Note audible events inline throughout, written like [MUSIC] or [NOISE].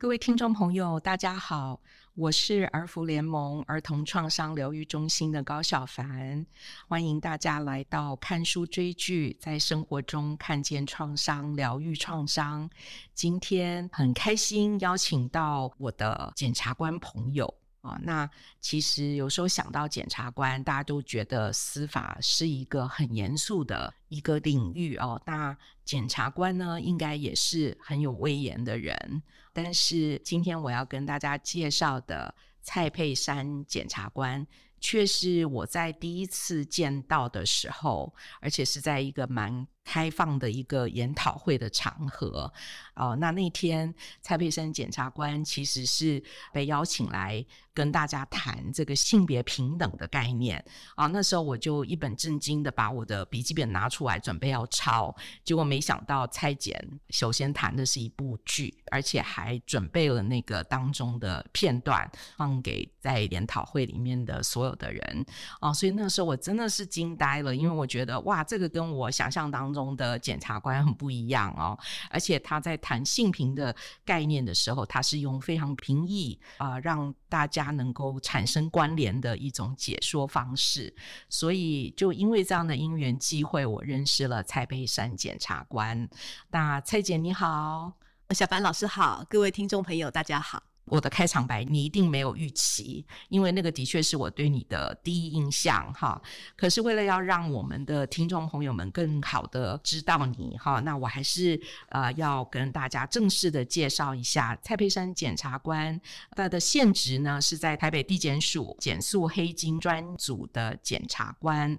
各位聽眾朋友，大家好，我是兒福聯盟兒童創傷療癒中心的高小帆，歡迎大家來到看書追劇，在生活中看見創傷、療癒創傷。今天很開心邀請到我的檢察官朋友。啊、哦，那其實有時候想到檢察官，大家都覺得司法是一個很嚴肅的一個領域哦。那檢察官呢，應該也是很有威嚴的人。但是今天我要跟大家介紹的蔡沛珊檢察官，卻是我在第一次見到的時候，而且是在一個蠻。開放的一個研討會的場合，哦、呃，那那天蔡沛珊檢察官其實是被邀請來跟大家談這個性別平等的概念啊、呃。那時候我就一本正經的把我的筆記本拿出來準備要抄，結果沒想到蔡檢首先談的是一部劇，而且還準備了那個當中的片段放給在研討會裡面的所有的人啊、呃。所以那時候我真的是驚呆了，因為我覺得哇，這個跟我想象當。中的檢察官很不一樣哦，而且他在談性平的概念的時候，他是用非常平易啊，讓大家能夠產生關聯的一種解說方式。所以，就因為這樣的因緣機會，我認識了蔡沛珊檢察官。那蔡姐你好，小帆老師好，各位聽眾朋友大家好。我的開場白你一定沒有預期，因為那個的確是我對你的第一印象哈。可是為了要讓我們的聽眾朋友們更好的知道你哈，那我還是呃要跟大家正式的介紹一下蔡沛珊檢察官。她的現職呢是在台北地檢署檢肅黑金專組的檢察官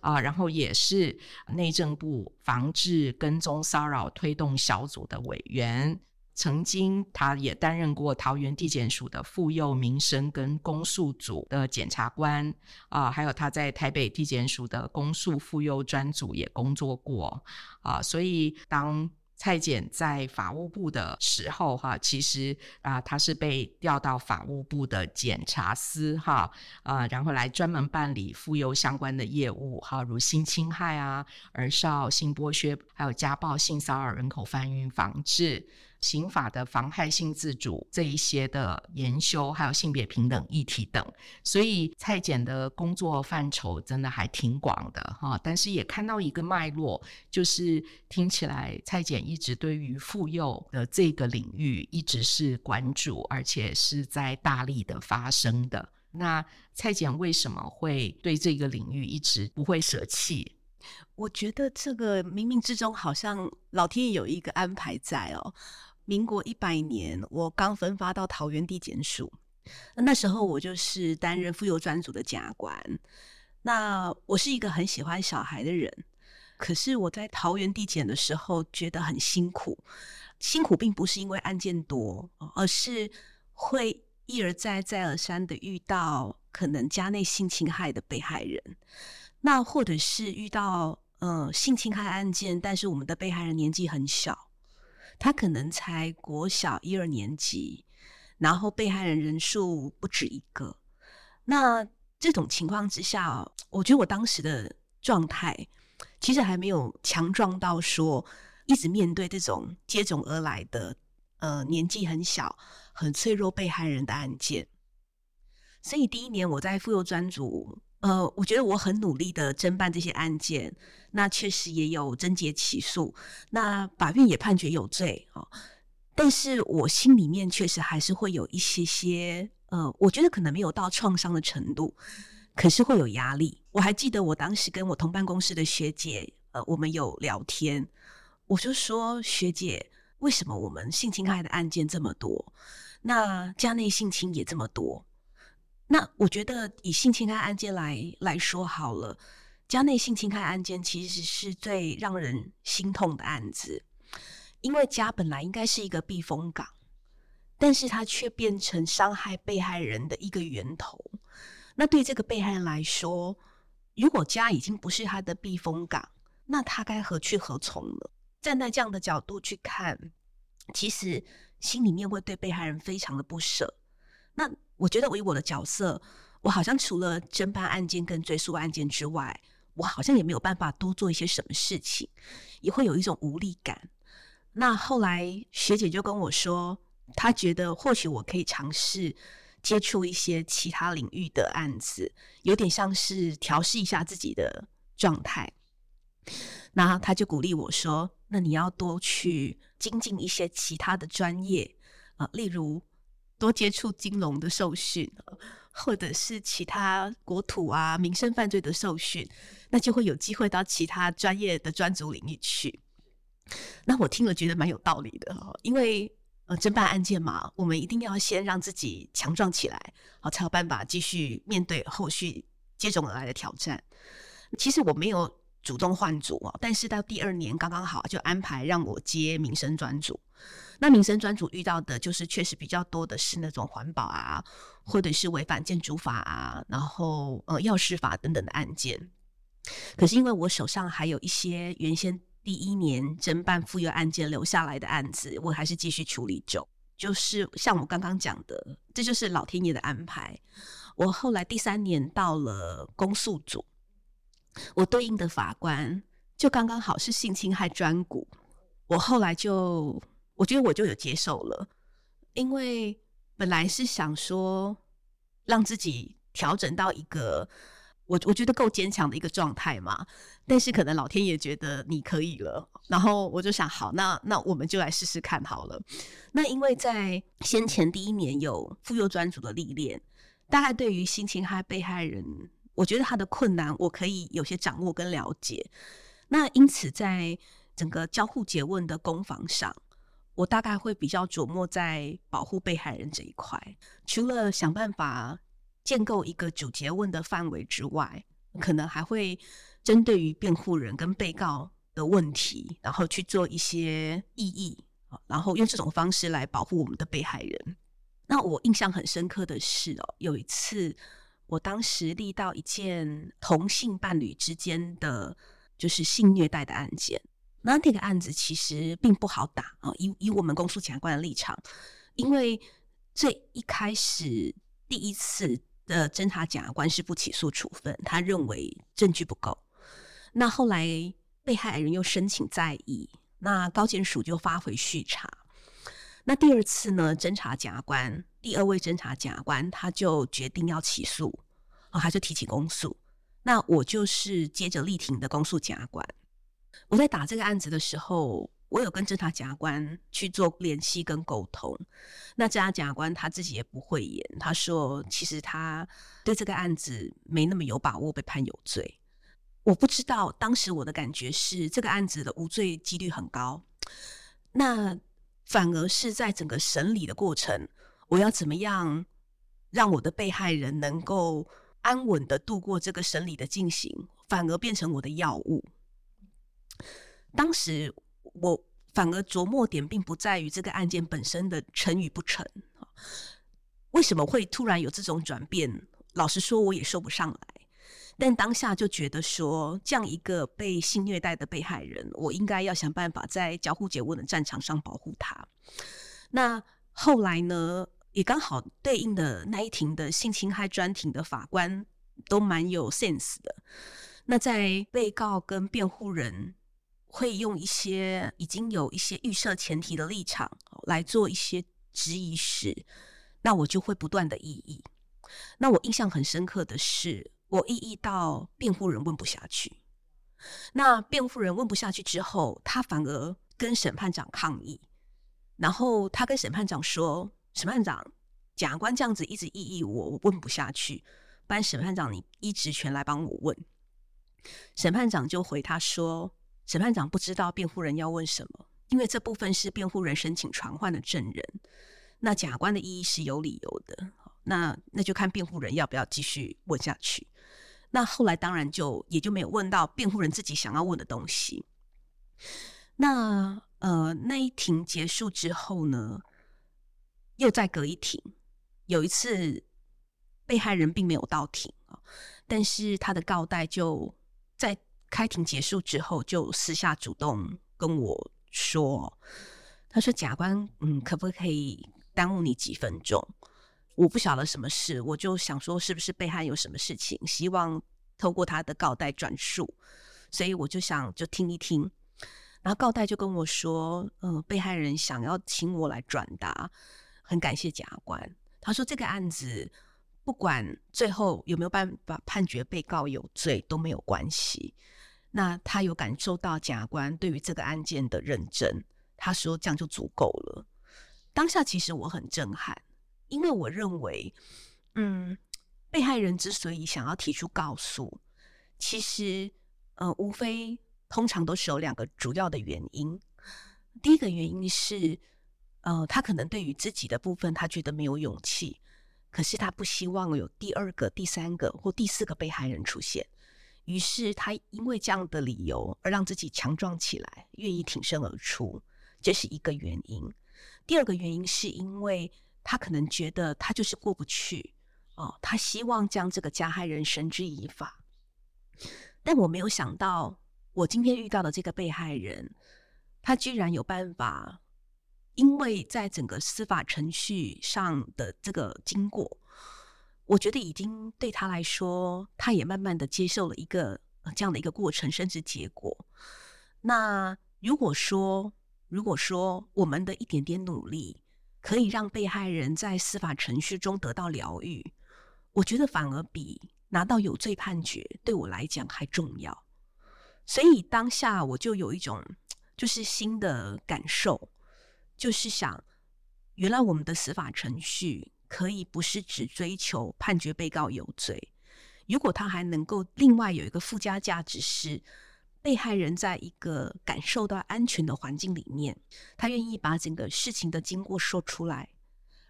啊，呃，然後也是內政部防治跟蹤騷擾推動小組的委員。曾經，他也擔任過桃園地檢署的婦幼民生跟公訴組的檢察官啊、呃，還有他在台北地檢署的公訴婦幼專組也工作過啊、呃。所以，當蔡檢在法務部的時候，哈、啊，其實啊，他是被調到法務部的檢察司哈啊、呃，然後來專門辦理婦幼相關的業務哈、啊，如性侵害啊、兒少性剝削，還有家暴、性騷擾、人口販運防治。刑法的妨害性自主這一些的研究，還有性別平等議題等，所以蔡檢的工作範疇真的還挺廣的哈。但是也看到一個脈絡，就是聽起來蔡檢一直對於婦幼的這個領域一直是關注，而且是在大力的發聲的。那蔡檢為什麼會對這個領域一直不會捨棄？我覺得這個冥冥之中好像老天爺有一個安排在哦。民國一百年，我剛分發到桃園地檢署，那時候我就是擔任婦幼專組的檢察官。那我是一個很喜歡小孩的人，可是我在桃園地檢的時候覺得很辛苦。辛苦並不是因為案件多，而是會一而再、再而三的遇到可能家內性侵害的被害人，那或者是遇到呃性侵害案件，但是我們的被害人年紀很小。他可能才國小一二年級，然後被害人人數不止一個。那這種情況之下，我覺得我當時的狀態其實還沒有強壯到說一直面對這種接踵而來的呃年紀很小、很脆弱被害人的案件。所以第一年我在婦幼專組。呃，我覺得我很努力的偵辦這些案件，那確實也有偵結起訴，那法院也判決有罪啊、哦。但是我心裡面確實還是會有一些些，呃，我覺得可能沒有到創傷的程度，可是會有壓力。我還記得我當時跟我同辦公室的學姐，呃，我們有聊天，我就說，學姐，為什麼我們性侵害的案件這麼多，那家內性侵也這麼多？那我覺得以性侵害案件來來說好了，家內性侵害案件其實是最讓人心痛的案子，因為家本來應該是一個避風港，但是它卻變成傷害被害人的一個源頭。那對這個被害人來說，如果家已經不是他的避風港，那他該何去何從呢？站在這樣的角度去看，其實心裡面會對被害人非常的不捨。那我覺得，以我的角色，我好像除了偵辦案件跟追訴案件之外，我好像也沒有辦法多做一些什麼事情，也會有一種無力感。那後來學姐就跟我說，她覺得或許我可以嘗試接觸一些其他領域的案子，有點像是調試一下自己的狀態。那她就鼓勵我說：“那你要多去精進一些其他的專業啊、呃，例如。”多接觸金融的受訓，或者是其他國土啊、民生犯罪的受訓，那就會有機會到其他專業的專組領域去。那我聽了覺得蠻有道理的，因為呃，偵辦案件嘛，我們一定要先讓自己強壯起來，好才有辦法繼續面對後續接踵而來的挑戰。其實我沒有主動換組啊，但是到第二年剛剛好就安排讓我接民生專組。那民生專組遇到的就是確實比較多的是那種環保啊，或者是違反建築法啊，然後呃藥事法等等的案件。可是因為我手上還有一些原先第一年偵辦婦幼案件留下來的案子，我還是繼續處理中。就是像我剛剛講的，這就是老天爺的安排。我後來第三年到了公訴組。我對應的法官就剛剛好是性侵害專股，我後來就我覺得我就有接受了，因為本來是想說讓自己調整到一個我我覺得夠堅強的一個狀態嘛，但是可能老天爺覺得你可以了，然後我就想好那那我們就來試試看好了。那因為在先前第一年有婦幼專組的歷練，大概對於性侵害被害人。我覺得他的困難，我可以有些掌握跟了解。那因此，在整個交互詰問的攻防上，我大概會比較琢磨在保護被害人這一塊。除了想辦法建構一個主詰問的範圍之外，可能還會針對於辯護人跟被告的問題，然後去做一些異議，然後用這種方式來保護我們的被害人。那我印象很深刻的是哦，有一次。我當時立到一件同性伴侶之間的就是性虐待的案件，那那個案子其實並不好打啊，哦，以，以我們公訴檢察官的立場，因為最一開始第一次的偵查檢察官是不起訴處分，他認為證據不夠，那後來被害人又申請再議，那高檢署就發回續查。那第二次呢？偵查檢察官第二位偵查檢察官，他就決定要起訴，哦，他就提起公訴。那我就是接着蒞庭的公訴檢察官。我在打這個案子的時候，我有跟偵查檢察官去做聯繫跟溝通。那偵查檢察官他自己也不諱言，他說其實他對這個案子沒那麼有把握被判有罪。我不知道，當時我的感覺是這個案子的無罪幾率很高。那。反而是在整個審理的過程，我要怎麼樣讓我的被害人能夠安穩的度過這個審理的進行，反而變成我的藥物。當時我反而著墨點並不在於這個案件本身的成與不成。為什麼會突然有這種轉變？老實說，我也說不上來。但當下就覺得說，這樣一個被性虐待的被害人，我應該要想辦法在交互詰問的戰場上保護他。那後來呢，也剛好對應的那一庭的性侵害專庭的法官都蠻有 sense 的。那在被告跟辯護人會用一些已經有一些預設前提的立場來做一些質疑時，那我就會不斷的異議。那我印象很深刻的是。我異議到辯護人問不下去，那辯護人問不下去之後，他反而跟審判長抗議，然後他跟審判長說：“審判長，假官這樣子一直異議，我問不下去，不然審判長你依職權來幫我問。”審判長就回他說：“審判長不知道辯護人要問什麼，因為這部分是辯護人申請傳喚的證人，那假官的異議是有理由的，那那就看辯護人要不要繼續問下去。”那後來當然就也就沒有問到辯護人自己想要問的東西。那呃那一庭結束之後呢，又再隔一庭，有一次被害人並沒有到庭，但是他的告代就在開庭結束之後就私下主動跟我說，他說：“假官，嗯，可不可以耽誤你幾分鐘？”我不曉得什麼事，我就想說，是不是被害人有什麼事情？希望透過他的告代轉述，所以我就想就聽一聽。然後告代就跟我說：“嗯、呃，被害人想要請我來轉達，很感謝檢察官。他說這個案子不管最後有沒有辦法判決被告有罪都沒有關係。那他有感受到檢察官對於這個案件的認真，他說這樣就足夠了。當下其實我很震撼。”因為我認為，嗯，被害人之所以想要提出告訴，其實呃，無非通常都是有兩個主要的原因。第一個原因是，呃，他可能對於自己的部分，他覺得沒有勇氣，可是他不希望有第二個、第三個或第四個被害人出現，於是他因為這樣的理由而讓自己強壯起來，願意挺身而出，這是一個原因。第二個原因是因為，他可能覺得他就是過不去哦，他希望將這個加害人繩之以法。但我沒有想到，我今天遇到的這個被害人，他居然有辦法，因為在整個司法程序上的這個經過，我覺得已經對他來說，他也慢慢的接受了一個這樣的一個過程，甚至結果。那如果說，如果說我們的一點點努力，可以讓被害人在司法程序中得到療癒，我覺得反而比拿到有罪判決對我來講還重要。所以當下我就有一種就是新的感受，就是想，原來我們的司法程序可以不是只追求判決被告有罪，如果他還能夠另外有一個附加價值是。被害人在一個感受到安全的環境裡面，他願意把整個事情的經過說出來，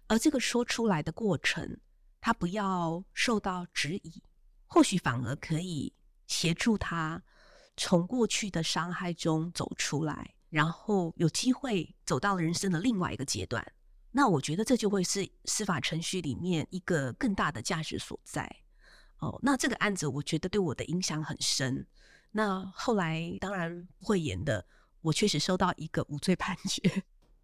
而這個說出來的過程，他不要受到質疑，或許反而可以協助他從過去的傷害中走出來，然後有機會走到人生的另外一個階段。那我覺得這就會是司法程序裡面一個更大的價值所在。哦，那這個案子我覺得對我的影響很深。那後來當然會演的，我確實收到一個無罪判決。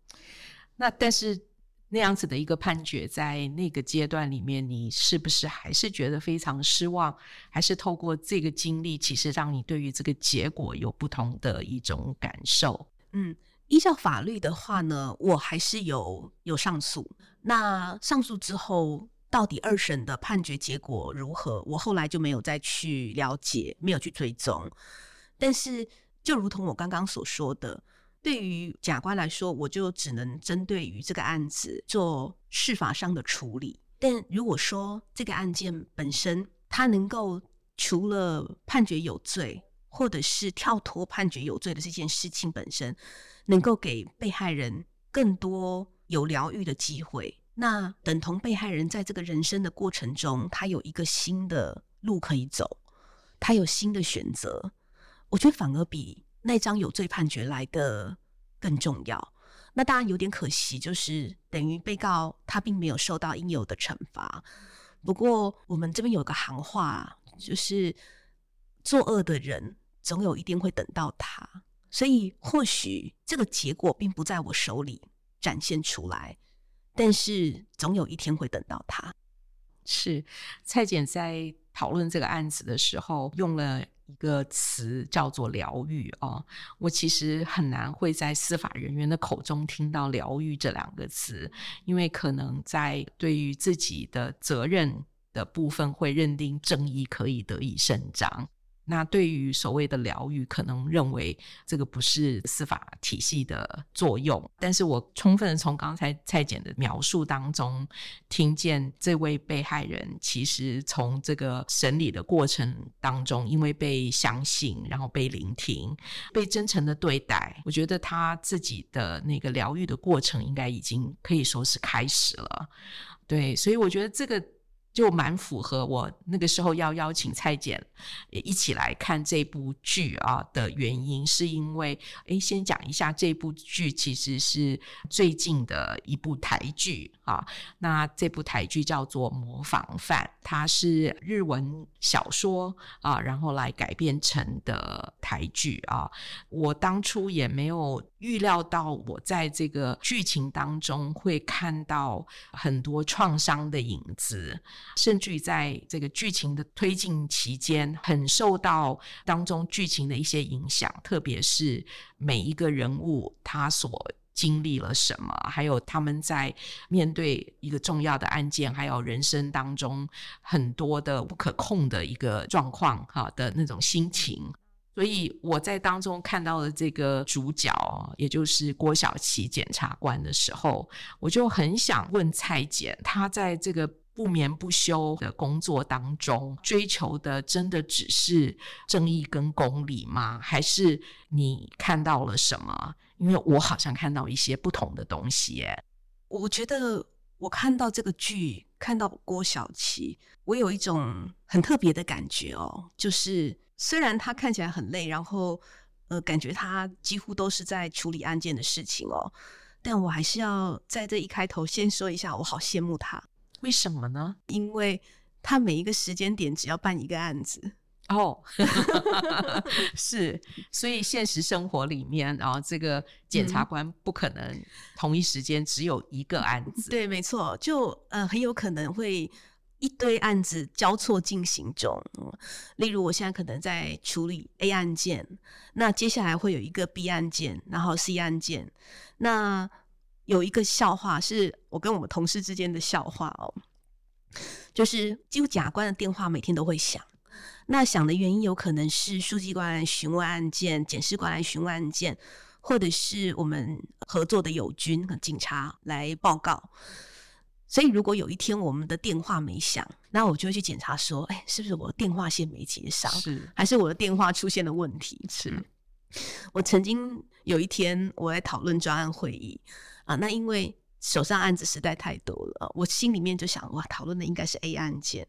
[LAUGHS] 那但是那樣子的一個判決，在那個階段裡面，你是不是還是覺得非常失望？還是透過這個經歷，其實讓你對於這個結果有不同的一種感受？嗯，依照法律的話呢，我還是有有上訴。那上訴之後。到底二審的判決結果如何我後來就沒有再去了解，沒有去追蹤。但是，就如同我剛剛所說的，對於假官來說，我就只能針對於這個案子做司法上的處理。但如果說這個案件本身，它能夠除了判決有罪，或者是跳脫判決有罪的這件事情本身，能夠給被害人更多有療癒的機會。那等同被害人在這個人生的過程中，他有一個新的路可以走，他有新的選擇。我覺得反而比那張有罪判決來的更重要。那當然有點可惜，就是等於被告他並沒有受到應有的懲罰。不過我們這邊有個行話，就是作惡的人總有一天會等到他，所以或許這個結果並不在我手裡展現出來。但是總有一天會等到他。是，蔡檢在討論這個案子的時候，用了一個詞叫做“療癒”哦。我其實很難會在司法人員的口中聽到“療癒”這兩個詞，因為可能在對於自己的責任的部分，會認定正義可以得以伸張。那對於所謂的療癒，可能認為這個不是司法體系的作用。但是我充分的從剛才蔡檢的描述當中，聽見這位被害人其實從這個審理的過程當中，因為被相信，然後被聆聽，被真誠的對待，我覺得他自己的那個療癒的過程，應該已經可以說是開始了。對，所以我覺得這個。就蠻符合我那個時候要邀請蔡姐一起來看這部劇啊的原因，是因為誒，先講一下這部劇其實是最近的一部台劇啊。那這部台劇叫做《模仿犯》，它是日文小說啊，然後來改編成的台劇啊。我當初也沒有。預料到我在這個劇情當中會看到很多創傷的影子，甚至於在這個劇情的推進期間，很受到當中劇情的一些影響，特別是每一個人物他所經歷了什麼，還有他們在面對一個重要的案件，還有人生當中很多的不可控的一個狀況哈、啊、的那種心情。所以我在當中看到了這個主角，也就是郭曉琪檢察官的時候，我就很想問蔡檢，他在這個不眠不休的工作當中追求的，真的只是正義跟公理嗎？還是你看到了什麼？因為我好像看到一些不同的東西耶。我覺得我看到這個劇，看到郭曉琪，我有一種很特別的感覺哦，就是。雖然他看起來很累，然後呃，感覺他幾乎都是在處理案件的事情哦，但我還是要在這一開頭先說一下，我好羨慕他。為什麼呢？因為他每一個時間點只要辦一個案子哦， [LAUGHS] 是。所以現實生活裡面，然後、啊、這個檢察官不可能同一時間只有一個案子。嗯、對，沒錯，就呃，很有可能會。一堆案子交錯進行中，例如我現在可能在處理 A 案件，那接下來會有一個 B 案件，然後 C 案件，那有一個笑話是我跟我們同事之間的笑話哦，就是幾乎檢察官的電話每天都會響，那響的原因有可能是書記官來詢問案件，檢視官來詢問案件，或者是我們合作的友軍和警察來報告。所以，如果有一天我們的電話沒響，那我就會去檢查，說，哎、欸，是不是我的電話線沒接上？是，還是我的電話出現了問題？是。是我曾經有一天，我在討論專案會議啊，那因為手上案子實在太多了，我心裡面就想，哇，討論的應該是 A 案件，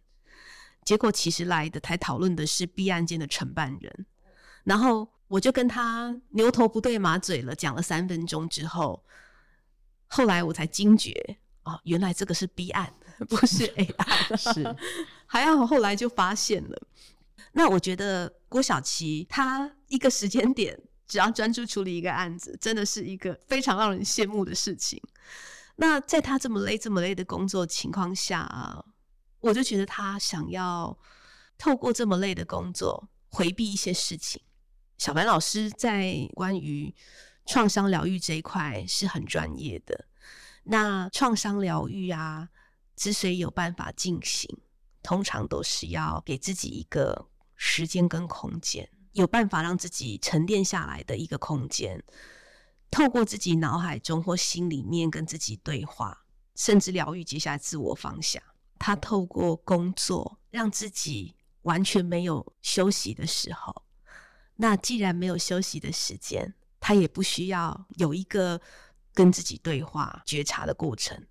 結果其實來的才討論的是 B 案件的承辦人，然後我就跟他牛頭不對馬嘴了，講了三分鐘之後，後來我才驚覺。哦，原來這個是 B 案，不是 A 案。 [LAUGHS] 是， [LAUGHS] 還要後來就發現了。那我覺得郭曉琪他一個時間點只要專注處理一個案子，真的是一個非常讓人羨慕的事情。那在他這麼累、這麼累的工作情況下啊，我就覺得他想要透過這麼累的工作回避一些事情。小白老師在關於創傷療癒這一塊是很專業的。那創傷療癒啊，之所以有辦法進行，通常都是要給自己一個時間跟空間，有辦法讓自己沉澱下來的一個空間，透過自己腦海中或心裡面跟自己對話，甚至療癒接下來自我方向。他透過工作讓自己完全沒有休息的時候，那既然沒有休息的時間，他也不需要有一個。跟自己對話、覺察的過程，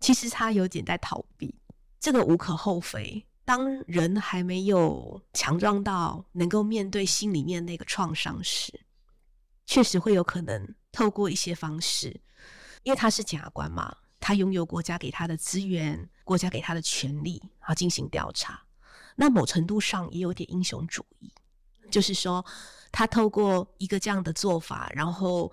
其實他有點在逃避，這個無可厚非。當人還沒有強壯到能夠面對心裡面那個創傷時，確實會有可能透過一些方式。因為他是檢察官嘛，他擁有國家給他的資源、國家給他的權利，然後進行調查。那某程度上也有點英雄主義，就是說他透過一個這樣的做法，然後。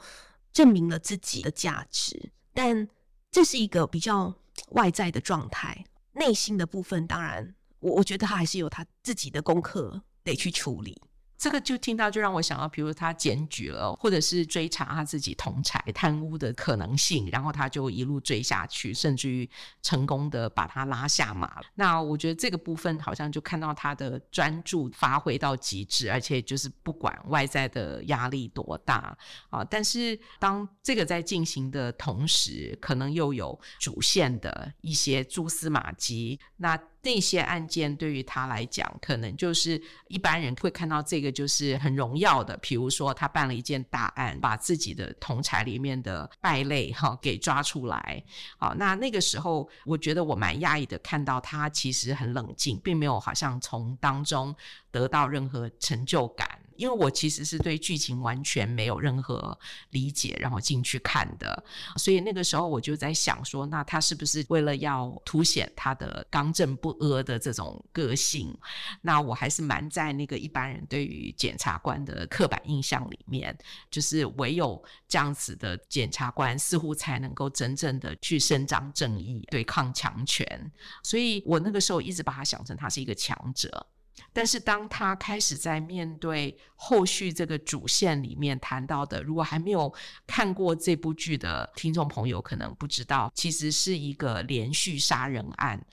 證明了自己的價值，但這是一個比較外在的狀態。內心的部分，當然，我我覺得他還是有他自己的功課得去處理。這個就聽到就讓我想到，比如他檢舉了，或者是追查他自己同儕貪污的可能性，然後他就一路追下去，甚至於成功的把他拉下馬。那我覺得這個部分好像就看到他的專注發揮到極致，而且就是不管外在的壓力多大啊，但是當這個在進行的同時，可能又有主線的一些蛛絲馬跡，那。那些案件對於他來講，可能就是一般人會看到這個就是很榮耀的，比如說他辦了一件大案，把自己的同儕裡面的敗類哈、哦、給抓出來。好、哦，那那個時候我覺得我蠻訝異的，看到他其實很冷靜，並沒有好像從當中得到任何成就感。因為我其實是對劇情完全沒有任何理解，然後進去看的，所以那個時候我就在想說，那他是不是為了要凸顯他的剛正不阿的這種個性？那我還是蠻在那個一般人對於檢察官的刻板印象裡面，就是唯有這樣子的檢察官，似乎才能夠真正的去伸張正義、對抗強權。所以我那個時候一直把他想成他是一個強者。但是，當他開始在面對後續這個主線裡面談到的，如果還沒有看過這部劇的聽眾朋友，可能不知道，其實是一個連續殺人案。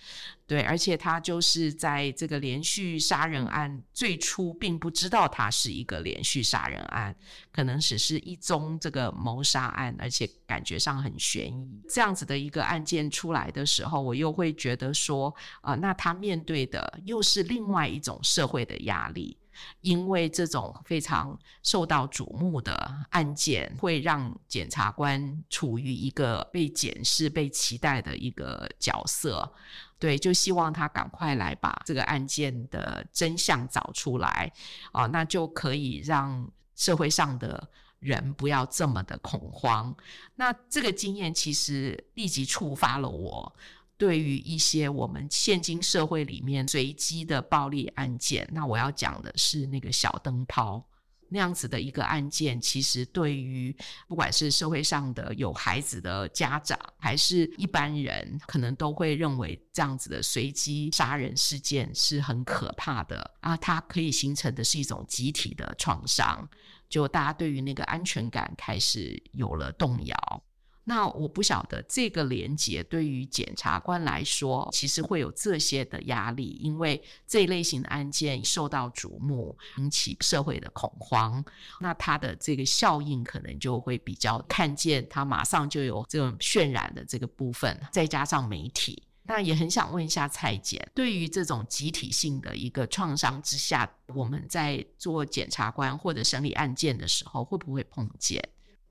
對，而且他就是在這個連續殺人案最初並不知道他是一個連續殺人案，可能只是一宗這個謀殺案，而且感覺上很懸疑。這樣子的一個案件出來的時候，我又會覺得說啊、呃，那他面對的又是另外一種社會的壓力，因為這種非常受到矚目的案件會讓檢察官處於一個被檢視、被期待的一個角色。對，就希望他趕快來把這個案件的真相找出來，哦，那就可以讓社會上的人不要這麼的恐慌。那這個經驗其實立即觸發了我，對於一些我們現今社會裡面隨機的暴力案件，那我要講的是那個小燈泡。那樣子的一個案件，其實對於不管是社會上的有孩子的家長，還是一般人，可能都會認為這樣子的隨機殺人事件是很可怕的啊，它可以形成的是一種集體的創傷，就大家對於那個安全感開始有了動搖。那我不曉得這個連結對於檢察官來說，其實會有這些的壓力，因為這一類型的案件受到矚目，引起社會的恐慌，那他的這個效應可能就會比較看見，他馬上就有這種渲染的這個部分，再加上媒體，那也很想問一下蔡檢，對於這種集體性的一個創傷之下，我們在做檢察官或者審理案件的時候，會不會碰見？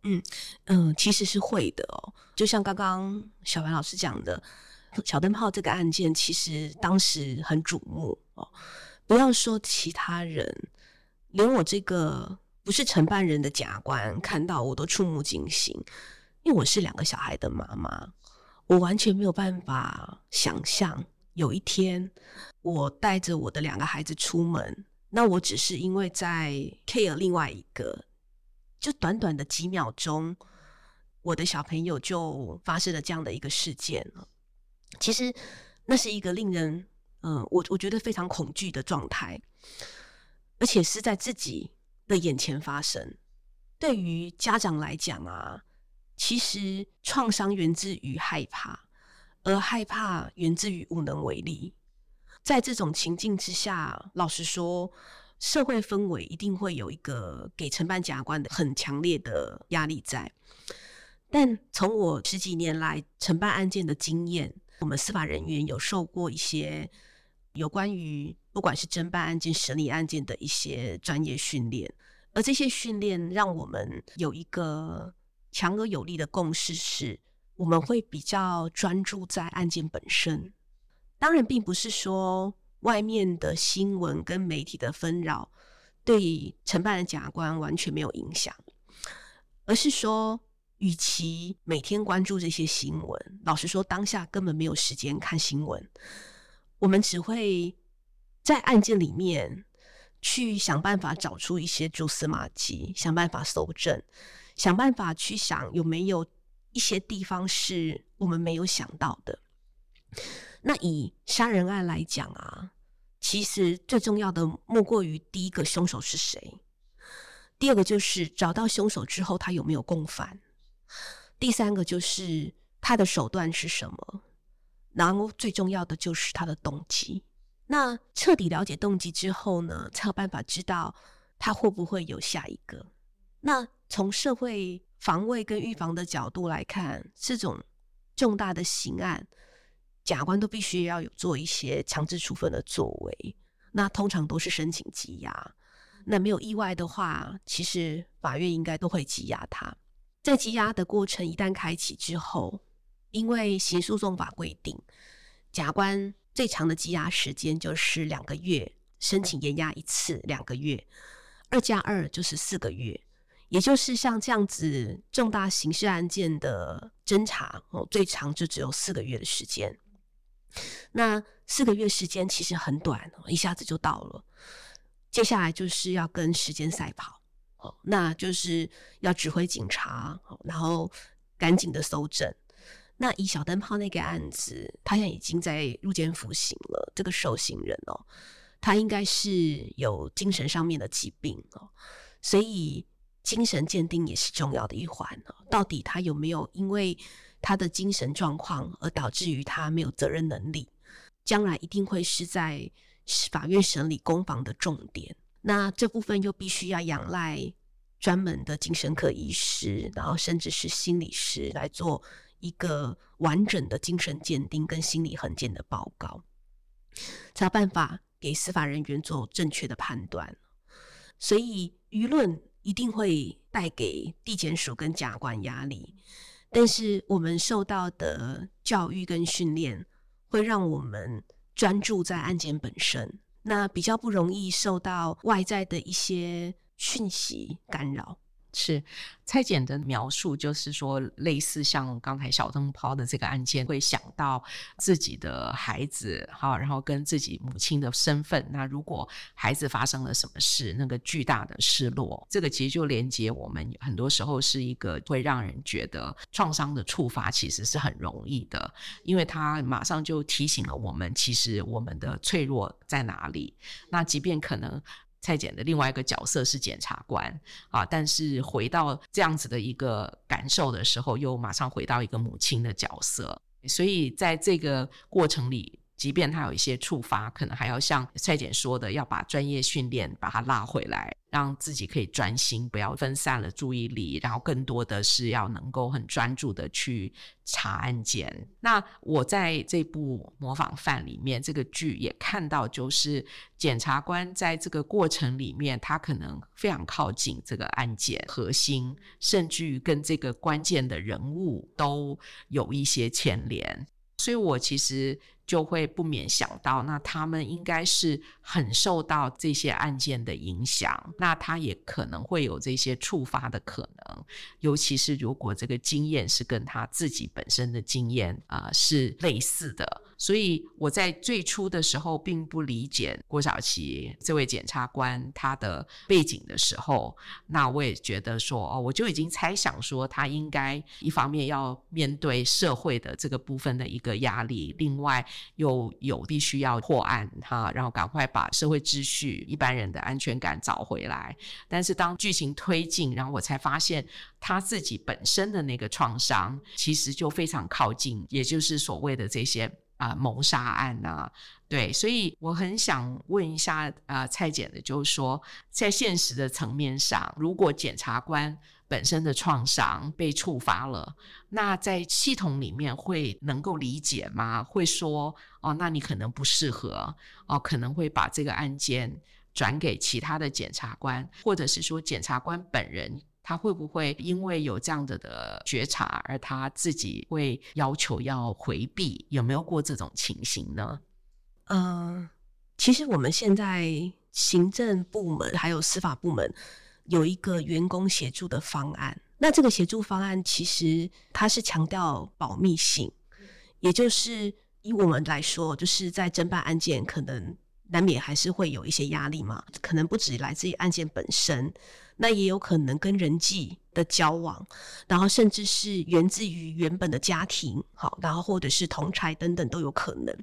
嗯嗯，其實是會的哦。就像剛剛小帆老師講的，小燈泡這個案件其實當時很矚目哦。不要說其他人，連我這個不是承辦人的假官看到我都觸目驚心，因為我是兩個小孩的媽媽，我完全沒有辦法想象有一天我帶着我的兩個孩子出門，那我只是因為在 care 另外一個。就短短的幾秒鐘，我的小朋友就發生了這樣的一個事件了。其實，那是一個令人，嗯、呃，我我覺得非常恐懼的狀態，而且是在自己的眼前發生。對於家長來講啊，其實創傷源自於害怕，而害怕源自於無能為力。在這種情境之下，老實說。社會氛圍一定會有一個給承辦檢察官的很強烈的壓力在，但從我十幾年來承辦案件的經驗，我們司法人員有受過一些有關於不管是偵辦案件、審理案件的一些專業訓練，而這些訓練讓我們有一個強而有力的共識，是我們會比較專注在案件本身。當然，並不是說外面的新聞跟媒體的紛擾，對承辦的檢察官完全沒有影響，而是說，與其每天關注這些新聞，老實說，當下根本沒有時間看新聞，我們只會在案件裡面去想辦法找出一些蛛絲馬跡，想辦法蒐證，想辦法去想有沒有一些地方是我們沒有想到的。那以殺人案來講啊，其實最重要的莫過於第一個凶手是誰，第二個就是找到凶手之後他有沒有共犯，第三個就是他的手段是什麼，然後最重要的就是他的動機。那徹底了解動機之後呢，才有辦法知道他會不會有下一個。那從社會防衛跟預防的角度來看，這種重大的刑案，檢察官都必須要有做一些強制處分的作為，那通常都是申請羈押。那沒有意外的話，其實法院應該都會羈押他。在羈押的過程一旦開啟之後，因為刑訴訟法規定，檢察官最長的羈押時間就是兩個月，申請延押一次兩個月，二加二就是四個月。也就是像這樣子重大刑事案件的偵查哦，最長就只有四個月的時間。那四個月時間其實很短，一下子就到了。接下來就是要跟時間賽跑哦，那就是要指揮警察，然後趕緊的搜證。那以小燈泡那個案子，他現在已經在入監服刑了。這個受刑人哦，他應該是有精神上面的疾病哦，所以精神鑑定也是重要的一環哦。到底他有沒有因為他的精神狀況，而導致於他沒有責任能力，將來一定會是在法院審理攻防的重點。那這部分又必須要仰賴專門的精神科醫師，然後甚至是心理師來做一個完整的精神鑑定跟心理衡鑑的報告，才有辦法給司法人員做正確的判斷。所以輿論一定會帶給地檢署跟甲館壓力。但是我們受到的教育跟訓練，會讓我們專注在案件本身，那比較不容易受到外在的一些訊息干擾。是蔡檢的描述，就是說類似像剛才小燈泡的這個案件，會想到自己的孩子，哈，然後跟自己母親的身份。那如果孩子發生了什麼事，那個巨大的失落，這個其實就連接我們很多時候是一個會讓人覺得創傷的觸發，其實是很容易的，因為他馬上就提醒了我們，其實我們的脆弱在哪裡。那即便可能。蔡檢的另外一個角色是檢察官啊，但是回到這樣子的一個感受的時候，又馬上回到一個母親的角色，所以在這個過程裡。即便他有一些觸發，可能還要像蔡姐說的，要把專業訓練把它拉回來，讓自己可以專心，不要分散了注意力，然後更多的是要能夠很專注的去查案件。那我在這部模仿犯裡面，這個劇也看到，就是檢察官在這個過程裡面，他可能非常靠近這個案件核心，甚至於跟這個關鍵的人物都有一些牽連，所以我其實。就會不免想到，那他們應該是很受到這些案件的影響，那他也可能會有這些觸發的可能，尤其是如果這個經驗是跟他自己本身的經驗啊、呃、是類似的。所以我在最初的時候並不理解郭曉琪這位檢察官他的背景的時候，那我也覺得說哦，我就已經猜想說他應該一方面要面對社會的這個部分的一個壓力，另外又有必須要破案哈，然後趕快把社會秩序、一般人的安全感找回來。但是當劇情推進，然後我才發現他自己本身的那個創傷，其實就非常靠近，也就是所謂的這些。呃、謀殺啊，謀殺案吶，對，所以我很想問一下啊，蔡、呃、檢的，就是說，在現實的層面上，如果檢察官本身的創傷被觸發了，那在系統裡面會能夠理解嗎？會說哦，那你可能不適合哦，可能會把這個案件轉給其他的檢察官，或者是說檢察官本人，他會不會因為有這樣子的，的覺察，而他自己會要求要回避？有沒有過這種情形呢？嗯、呃，其實我們現在行政部門還有司法部門有一個員工協助的方案。那這個協助方案其實它是強調保密性，也就是以我們來說，就是在偵辦案件，可能難免還是會有一些壓力嘛，可能不只來自於案件本身。那也有可能跟人際的交往，然後甚至是源自於原本的家庭，好，然後或者是同儕等等，都有可能。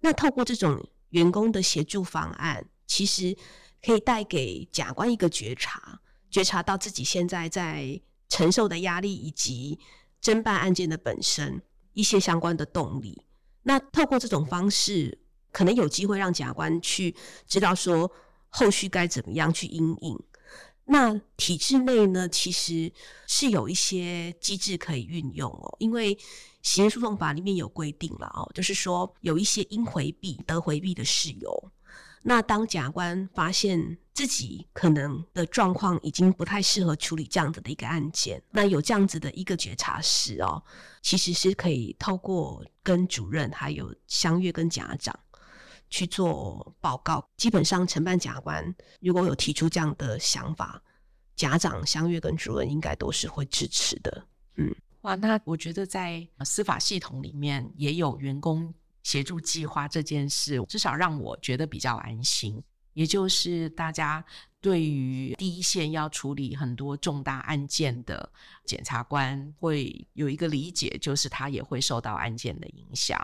那透過這種員工的協助方案，其實可以帶給甲官一個覺察，覺察到自己現在在承受的壓力以及偵辦案件的本身一些相關的動力。那透過這種方式，可能有機會讓甲官去知道說後續該怎麼樣去因應。那體制內呢，其實是有一些機制可以運用哦，因為刑事訴訟法裡面有規定了哦，就是說有一些應回避得回避的事由，那當檢察官發現自己可能的狀況已經不太適合處理這樣子的一個案件，那有這樣子的一個覺察時哦，其實是可以透過跟主任還有襄閱跟檢察長，去做報告，基本上承辦檢察官如果有提出這樣的想法，檢長、襄閱跟主任應該都是會支持的。嗯，哇，那我覺得在司法系統裡面也有員工協助計劃這件事，至少讓我覺得比較安心。也就是大家對於第一線要處理很多重大案件的檢察官，會有一個理解，就是他也會受到案件的影響。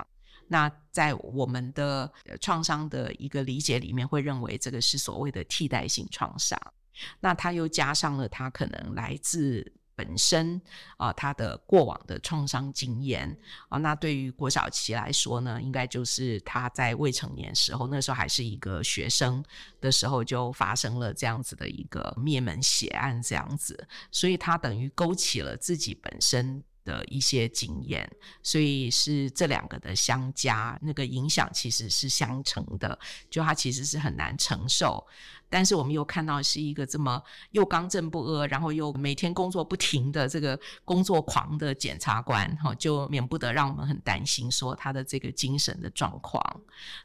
那在我們的創傷的一個理解裡面，會認為這個是所謂的替代性創傷。那他又加上了他可能來自本身啊、呃，他的過往的創傷經驗啊。那對於郭曉琪來說呢，應該就是他在未成年時候，那時候還是一個學生的時候，就發生了這樣子的一個滅門血案這樣子，所以他等於勾起了自己本身的一些經驗，所以是這兩個的相加，那個影響其實是相乘的。就他其實是很難承受，但是我們又看到是一個這麼又剛正不阿，然後又每天工作不停的這個工作狂的檢察官，哈、哦，就免不得讓我們很擔心，說他的這個精神的狀況。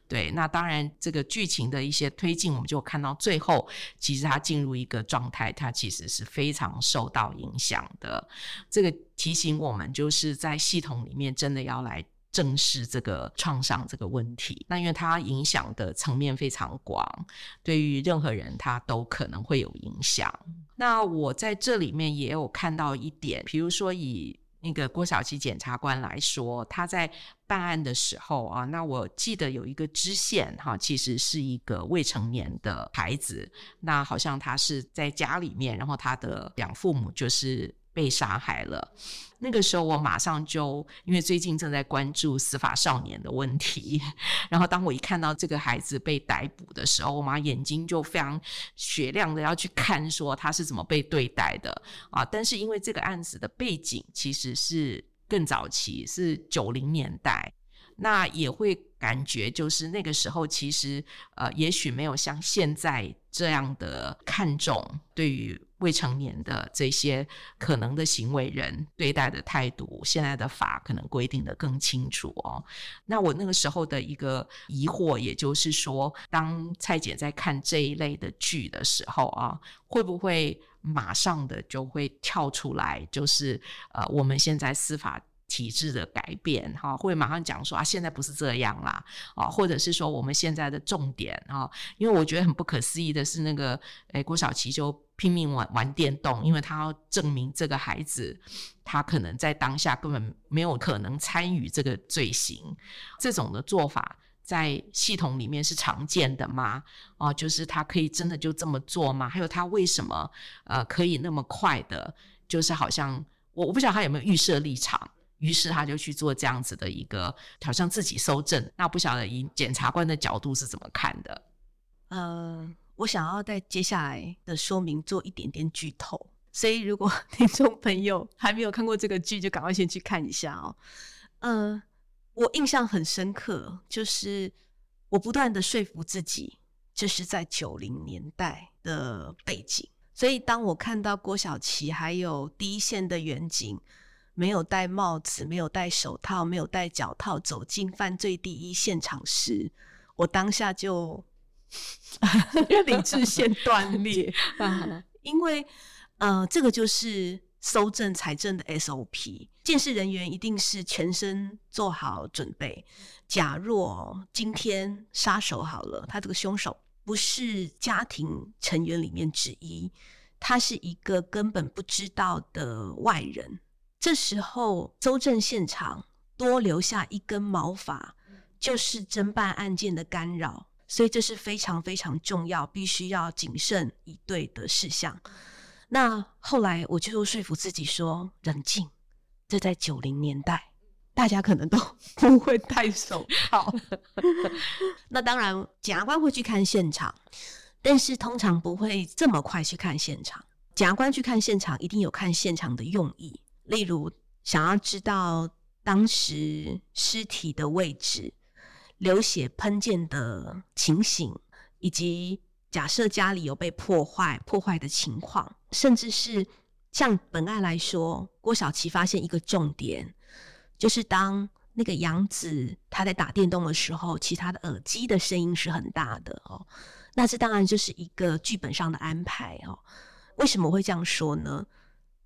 對，那當然這個劇情的一些推進，我們就看到最後，其實他進入一個狀態，他其實是非常受到影響的。這個。提醒我們，就是在系統裡面真的要來正視這個創傷這個問題。那因為它影響的層面非常廣，對於任何人他都可能會有影響。那我在這裡面也有看到一點，比如說以那個郭曉琪檢察官來說，他在辦案的時候啊，那我記得有一個支線哈，其實是一個未成年的孩子，那好像他是在家裡面，然後他的養父母就是。被殺害了。那個時候，我馬上就因為最近正在關注司法少年的問題，然後當我一看到這個孩子被逮捕的時候，我媽眼睛就非常雪亮的要去看，說他是怎麼被對待的啊。但是因為這個案子的背景其實是更早期，是九零年代。那也會感覺，就是那個時候其實，呃，也許沒有像現在這樣的看重對於未成年的這些可能的行為人對待的態度。現在的法可能規定得更清楚哦。那我那個時候的一個疑惑，也就是說，當蔡檢在看這一類的劇的時候啊，會不會馬上的就會跳出來，就是呃，我們現在司法，體制的改變，哈，會馬上講說啊，現在不是這樣啦，啊，或者是說我們現在的重點，哈、啊，因為我覺得很不可思議的是，那個，誒、哎，郭曉琪就拼命玩玩電動，因為他要證明這個孩子他可能在當下根本沒有可能參與這個罪行，這種的做法在系統裡面是常見的嗎？啊，就是他可以真的就這麼做嗎？還有他為什麼呃可以那麼快的，就是好像我我不曉得他有沒有預設立場。於是他就去做這樣子的一個，好像自己搜證。那不曉得以檢察官的角度是怎麼看的？呃，我想要在接下來的說明做一點點劇透，所以如果聽眾朋友還沒有看過這個劇， [LAUGHS] 就趕快先去看一下哦、喔。嗯、呃，我印象很深刻，就是我不斷的說服自己這、就是在九零年代的背景，所以當我看到郭曉琪還有第一線的員警。沒有戴帽子，沒有戴手套，沒有戴腳套，走進犯罪第一現場時，我當下就 [LAUGHS] 理智線斷裂。 [LAUGHS] 因為，呃，這個就是搜證、財政的 SOP，鑑識人員一定是全身做好準備。假若今天殺手好了，他這個凶手不是家庭成員裡面之一，他是一個根本不知道的外人。這時候，蒐證現場多留下一根毛髮，就是偵辦案件的干擾，所以這是非常非常重要，必須要謹慎以對的事項。那後來我就說服自己說：冷靜。這在九零年代，大家可能都不會戴手套。 [LAUGHS] [LAUGHS] 那當然，檢察官會去看現場，但是通常不會這麼快去看現場。檢察官去看現場，一定有看現場的用意。例如，想要知道當時屍體的位置、流血噴濺的情形，以及假設家裡有被破壞、破壞的情況，甚至是像本案來說，郭曉琪發現一個重點，就是當那個楊子他在打電動的時候，其他的耳機的聲音是很大的哦。那這當然，就是一個劇本上的安排哦。為什麼我會這樣說呢？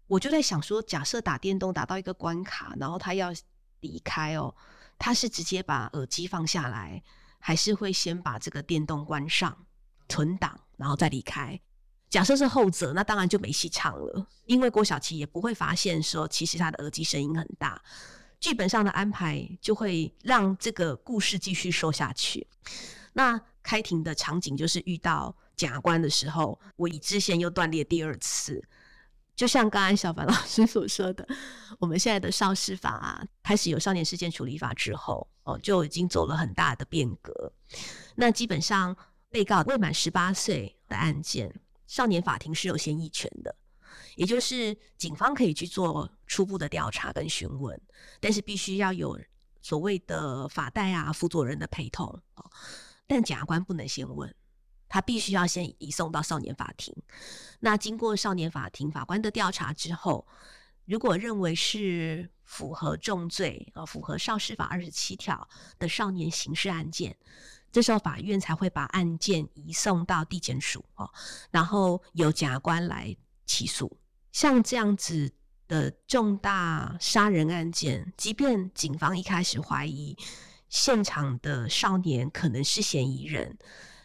我就在想說，假設打電動打到一個關卡，然後他要離開哦，他是直接把耳機放下來，還是會先把這個電動關上存檔，然後再離開？假設是後者，那當然就沒戲唱了，因為郭曉琪也不會發現說其實他的耳機聲音很大。劇本上的安排就會讓這個故事繼續說下去。那開庭的場景就是遇到檢察官的時候，我已知線又斷裂第二次。就像剛才小帆老師所說的，我們現在的少事法啊，開始有少年事件處理法之後，哦，就已經走了很大的變革。那基本上，被告未滿十八歲的案件，少年法庭是有先議權的，也就是警方可以去做初步的調查跟詢問，但是必須要有所謂的法代啊、輔佐人的陪同。哦、但檢察官不能先問。他必須要先移送到少年法庭，那經過少年法庭法官的調查之後，如果認為是符合重罪啊，符合《少事法二十七條》的少年刑事案件，這時候法院才會把案件移送到地檢署哦，然後由檢察官來起訴。像這樣子的重大殺人案件，即便警方一開始懷疑現場的少年可能是嫌疑人。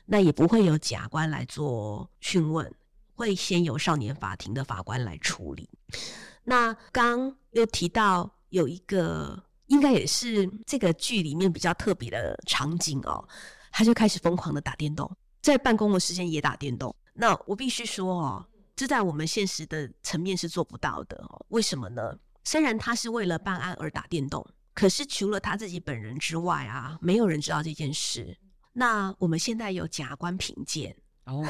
那也不會有假官來做訊問，會先由少年法庭的法官來處理。那剛又提到有一個，應該也是這個劇裡面比較特別的場景哦，他就開始瘋狂的打電動，在辦公的時間也打電動。那我必須說哦，這在我們現實的層面是做不到的哦。為什麼呢？雖然他是為了辦案而打電動，可是除了他自己本人之外啊，沒有人知道這件事。那我們現在有假官評鑑哦，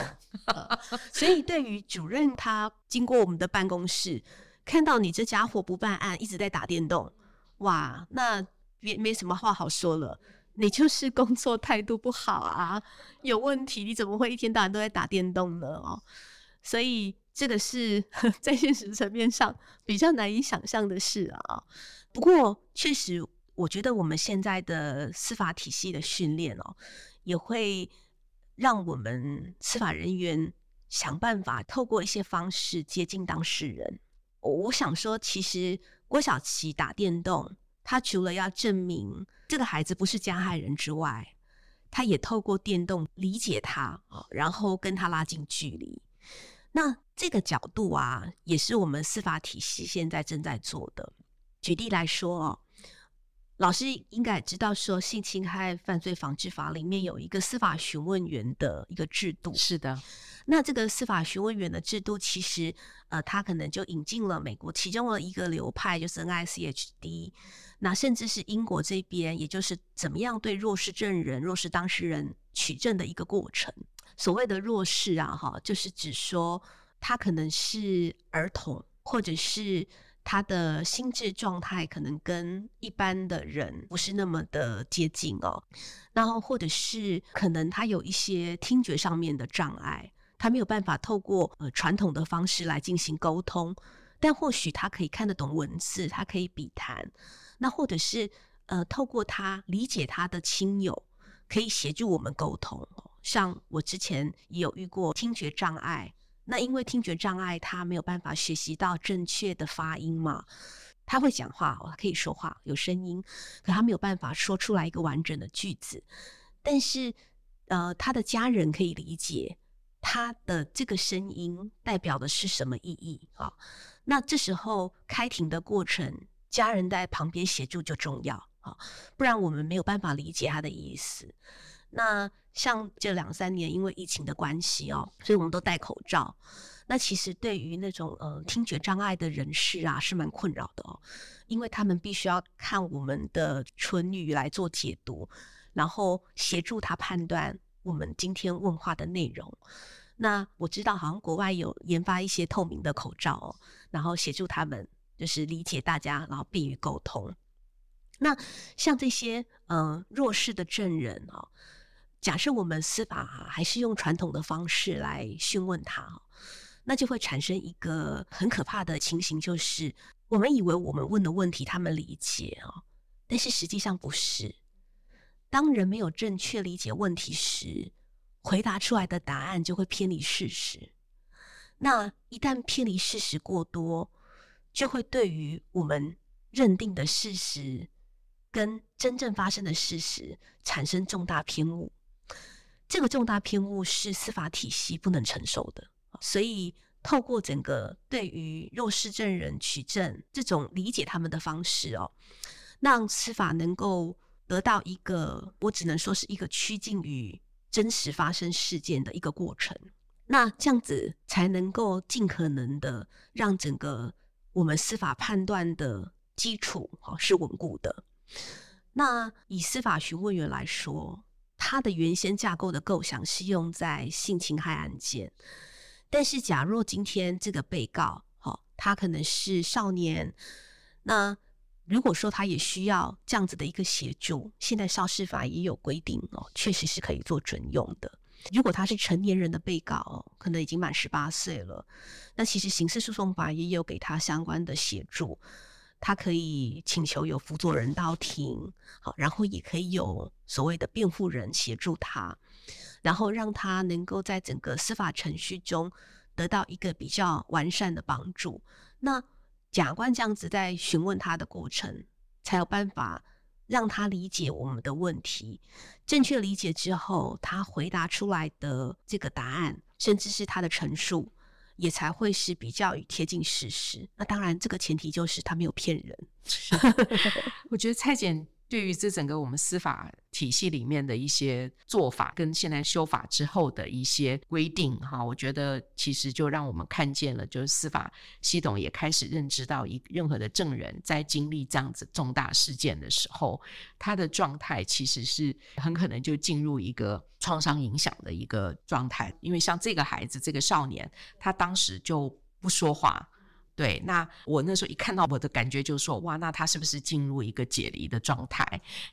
所以對於主任他經過我們的辦公室，看到你這家伙不辦案，一直在打電動，哇，那別沒什麼話好說了，你就是工作態度不好啊，有問題，你怎麼會一天到晚都在打電動呢？哦，所以這個是在現實層面上比較難以想象的事啊。不過確實，我覺得我們現在的司法體系的訓練哦。也會讓我們司法人員想辦法，透過一些方式接近當事人。哦，我想說，其實郭曉琪打電動，他除了要證明這個孩子不是加害人之外，他也透過電動理解他啊，然後跟他拉近距離。那這個角度啊，也是我們司法體系現在正在做的。舉例來說哦。老師應該知道說，性侵害犯罪防治法裡面有一個司法詢問員的一個制度。是的，那這個司法詢問員的制度，其實呃，他可能就引進了美國其中的一個流派，就是 NICHD，那甚至是英國這邊，也就是怎麼樣對弱勢證人、弱勢當事人取證的一個過程。所謂的弱勢啊，哈、哦，就是指說他可能是兒童，或者是。他的心智狀態可能跟一般的人不是那麼的接近哦，然後或者是可能他有一些聽覺上面的障礙，他沒有辦法透過呃傳統的方式來進行溝通，但或許他可以看得懂文字，他可以筆談，那或者是呃透過他理解他的親友，可以協助我們溝通。像我之前也有遇過聽覺障礙。那因為聽覺障礙，他沒有辦法學習到正確的發音嘛。他會講話，他可以說話，有聲音，可他沒有辦法說出來一個完整的句子。但是，呃，他的家人可以理解他的這個聲音代表的是什麼意義啊，哦。那這時候開庭的過程，家人在旁邊協助就重要啊，哦，不然我們沒有辦法理解他的意思。那像這兩三年因為疫情的關係哦，所以我們都戴口罩。那其實對於那種呃聽覺障礙的人士啊，是蠻困擾的哦，因為他們必須要看我們的唇語來做解讀，然後協助他判斷我們今天問話的內容。那我知道好像國外有研發一些透明的口罩哦，然後協助他們就是理解大家，然後便於溝通。那像這些呃弱勢的證人哦。假設我們司法還是用傳統的方式來詢問他，那就會產生一個很可怕的情形，就是我們以為我們問的問題他們理解啊，但是實際上不是。當人沒有正確理解問題時，回答出來的答案就會偏離事實。那一旦偏離事實過多，就會對於我們認定的事實跟真正發生的事實產生重大偏誤。這個重大偏誤是司法體系不能承受的，所以透過整個對於弱勢證人取證這種理解他們的方式哦，讓司法能夠得到一個，我只能說是一個趨近於真實發生事件的一個過程。那這樣子才能夠盡可能的讓整個我們司法判斷的基礎哦，是穩固的。那以司法詢問員來說。他的原先架構的構想是用在性侵害案件，但是假若今天這個被告，哦，他可能是少年，那如果說他也需要這樣子的一個協助，現在少事法也有規定哦，確實是可以做準用的。如果他是成年人的被告，哦，可能已經滿十八歲了，那其實刑事訴訟法也有給他相關的協助。他可以請求有輔佐人到庭，好，然後也可以有所謂的辯護人協助他，然後讓他能夠在整個司法程序中得到一個比較完善的幫助。那檢察官這樣子在詢問他的過程，才有辦法讓他理解我們的問題，正確理解之後，他回答出來的這個答案，甚至是他的陳述。也才會是比較與貼近事實。那當然，這個前提就是他沒有騙人。 [LAUGHS] [LAUGHS] 我覺得蔡檢。對於這整個，我們司法體系裡面的一些做法，跟現在修法之後的一些規定，哈，我覺得其實就讓我們看見了，就是司法系統也開始認知到一，任何的證人在經歷這樣子重大事件的時候，他的狀態其實是很可能就進入一個創傷影響的一個狀態，因為像這個孩子，這個少年，他當時就不說話。對，那我那時候一看到我的感覺就是說，哇，那他是不是進入一個解離的狀態？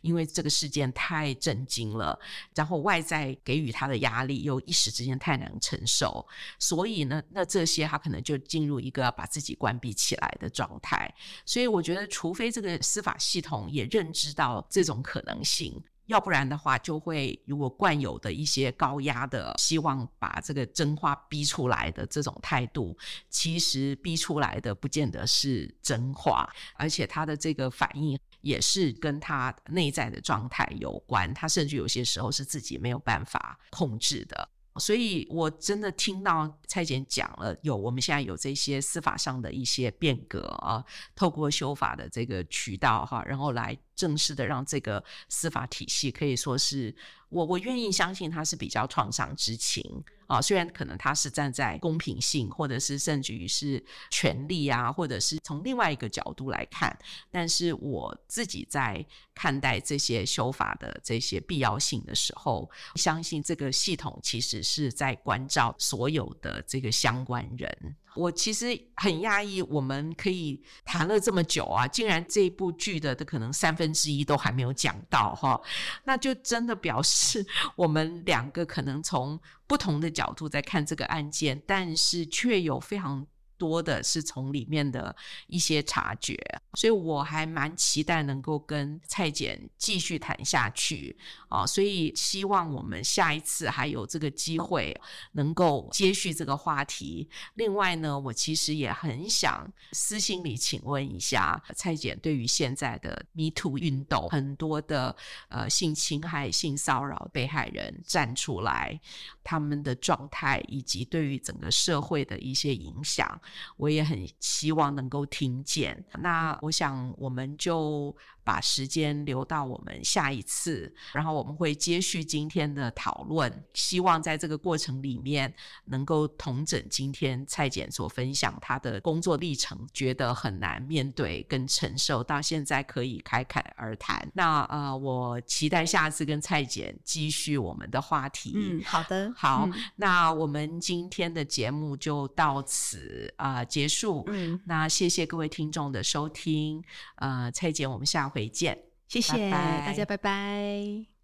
因為這個事件太震驚了，然後外在給予他的壓力又一時之間太難承受，所以呢，那這些他可能就進入一個要把自己關閉起來的狀態。所以我覺得，除非這個司法系統也認知到這種可能性。要不然的話，就會如果慣有的一些高壓的希望把這個真話逼出來的這種態度，其實逼出來的不見得是真話，而且他的這個反應也是跟他內在的狀態有關，他甚至有些時候是自己沒有辦法控制的。所以，我真的聽到蔡檢講了，有我們現在有這些司法上的一些變革啊，透過修法的這個渠道哈、啊，然後來正式的讓這個司法體系可以說是，我我願意相信他是比較創傷知情啊，雖然可能他是站在公平性，或者是甚至於是權利啊，或者是從另外一個角度來看，但是我自己在。看待這些修法的這些必要性的時候，相信這個系統其實是在關照所有的這個相關人。我其實很訝異，我們可以談了這麼久啊，竟然這部劇的的可能三分之一都還沒有講到哈，那就真的表示我們兩個可能從不同的角度在看這個案件，但是卻有非常。多的是從裡面的一些察覺，所以我還蠻期待能夠跟蔡檢繼續談下去啊、哦，所以希望我們下一次還有這個機會能夠接續這個話題。另外呢，我其實也很想私心裡請問一下蔡檢，對於現在的 Me Too 運動，很多的呃性侵害、性騷擾被害人站出來，他們的狀態以及對於整個社會的一些影響，我也很希望能夠聽見。那我想我們就把時間留到我們下一次，然後我們會接續今天的討論。希望在這個過程裡面，能夠統整今天蔡檢所分享她的工作歷程，覺得很難面對跟承受，到現在可以侃侃而談。那呃，我期待下次跟蔡檢繼續我們的話題。嗯、好的，好，嗯、那我們今天的節目就到此啊、呃、結束。嗯，那謝謝各位聽眾的收聽。呃，蔡檢，我們下。回見，謝謝大家，拜拜。大家拜拜。